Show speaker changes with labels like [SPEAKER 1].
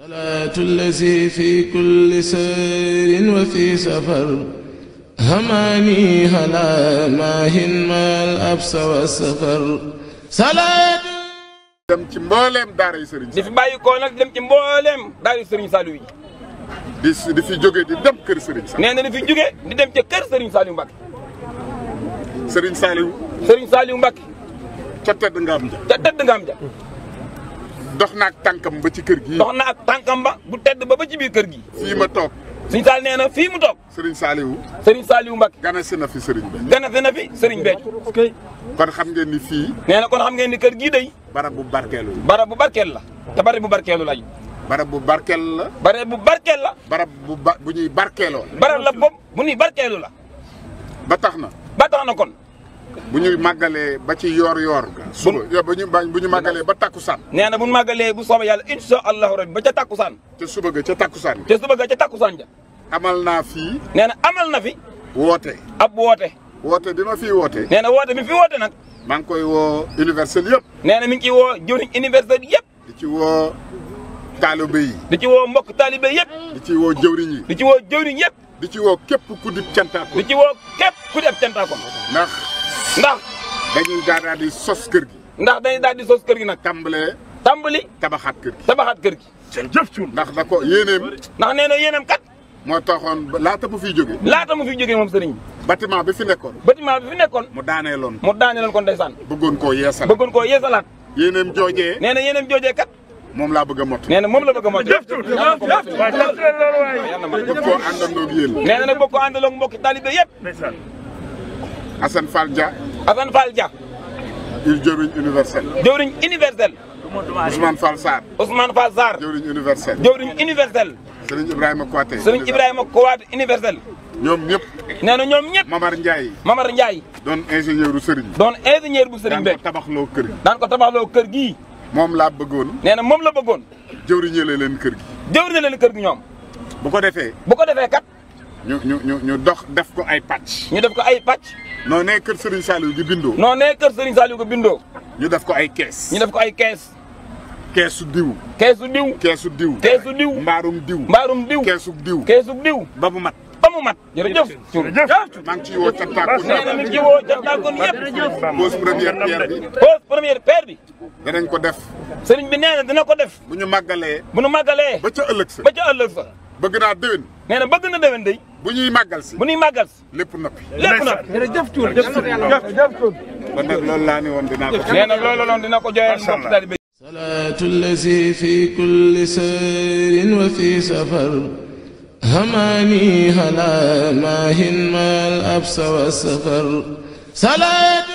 [SPEAKER 1] salaatu lazi fi kulli sayrin wa fi safar hamaani halaa maahin maal wa safar salaatu dem ci mbooleem daara yi sëriñ di fi bàyyi ko nag sëriñ Saliou yi di di fi jóge di dem kër saalu Saliou nee na di fi dox na ak tànkam ba ci kër gi. dox na ak tànkam ba bu tedd ba ba ci biir kër gi. fii ma toog. Sëriñ Saal nee na fii mu toog. Sëriñ Saaliwu. Sëriñ Saaliwu Mbacke. ganase na fi Sëriñ Becc. ganase na fi Sëriñ Becc. kon xam ngeen ni fii. nee na kon xam ngeen ni kër gii dey barab bu barkeelu la. barab bu barkeel la te barab bu barkeelu la. barab bu barkeel la. barab bu barkeel la. barab bu ba ñuy barkeeloo. barab la bopp bu ñuy barkeelu la. ba tax na. ba tax na kon. bu ñu màggalee ba ci yoor-yoor. suba ba ñu bu ñu màggalee ba takkusaan. nee na bu ñu màggalee bu soobee yàlla incha allahu rabbi ba ca takkusaan. te suba ga ca takkusaan. te suba ga ca takkusaan ja. amal naa fii. nee na amal na fi. woote. ab woote. woote di ma fi woote. nee na woote mi fi woote nag. maa ngi koy woo universel yëpp. nee na mi ngi ciy woo jëriñ universel yëpp. di ci woo taalibe yi. di ci woo mbokk taalibe yëpp. di ci woo jëwriñ yi. di ci woo jëwriñ yëpp. di ci woo képp ku di cantaako. di ci woo képp ku ndax. dañuy daal di sos kër gi. ndax dañuy daal di sos kër gi nag. tàmbalee. tàmbali tabaxaat kër gi. tabaxaat kër gi. jërëjëf Thioune ndax da ko yéeneem. ndax nee na yéeneem kat. moo taxoon laata mu fi jógee. laata mu fiy jógee moom sëriñ bi. bâtiment bi fi nekkoon. bâtiment bi fi nekkoon. mu daaneeloon. mu daaneeloon kon ndeysaan. bëggoon koo yeesalaat bëggoon koo yeesalaat. yéeneem joojee. nee na yéeneem joojee kat. moom laa bëgg a mot. nee na moom la bëgg a mot. jëf tuuti waaw jëf tuuti waaw jëf tuuti loolu waay. bëgg nee na nag bëgg koo àndandoo ak mbokki Assane Fall Dia. Assane Fall Dia. il jëwriñ universel. jëwriñ universel. Ousmane Fall Sarr. Ousmane Fall Sarr. jëwriñ universel. jëwriñ universel. Serigne Ibrahima Kouaté. Serigne Ibrahima Kouaté universel. ñoom ñëpp. nee na ñoom ñëpp. Mamar Ndiaye. Mamar Ndiaye. doon ingénieur bu Serigne. doon ingénieur bu Serigne beeg. daan ko tabaxloo kër gi. daan ko tabaxloo kër moom laa bëggoon. nee na moom la bëggoon. jëwriñale leen kër gi. jëwriñale leen kër gi ñoom. bu ko defee. bu ko defee kat. ñu ñu ñu dox def ko ay pàcc. ñu def ko ay pàcc. non nee kër Serigne Saliou gi bindoo. non nee kër Serigne Saliou gi bindoo. ñu def ko ay kees. ñu def ko ay kees. keesu diw. keesu diw. keesu diw. keesu diw. mbaarum diw. mbaarum diw. keesu diw. keesu diw. ba mu mat. ba mu mat. jërëjëf jërëjëf. maa ngi ciy woo Cantakun. nee na mi ngi ciy woo Cantakun yëpp. pose première pierre bi. pose première danañ ko def. sëriñ bi nee na dina ko def. bu ñu màggalee. bu nu màggalee. ba ca ëllëg sa. ba ca ëllëg bëgg naa déwén. nee na bëgg na déwén day. bu ñuy màggal si bu ñuy màggal si. lépp noppi lépp noppi. jërëjëf Thioune jërëjëf Thioune. kon nag loolu laa ne woon dinaa ko. nee na loolu la woon dinaa ko joxe mbokk taalibe bi. salaatu lazi fi kulli sayrin wa fi safar hamaani hala maahin maal absa wa safar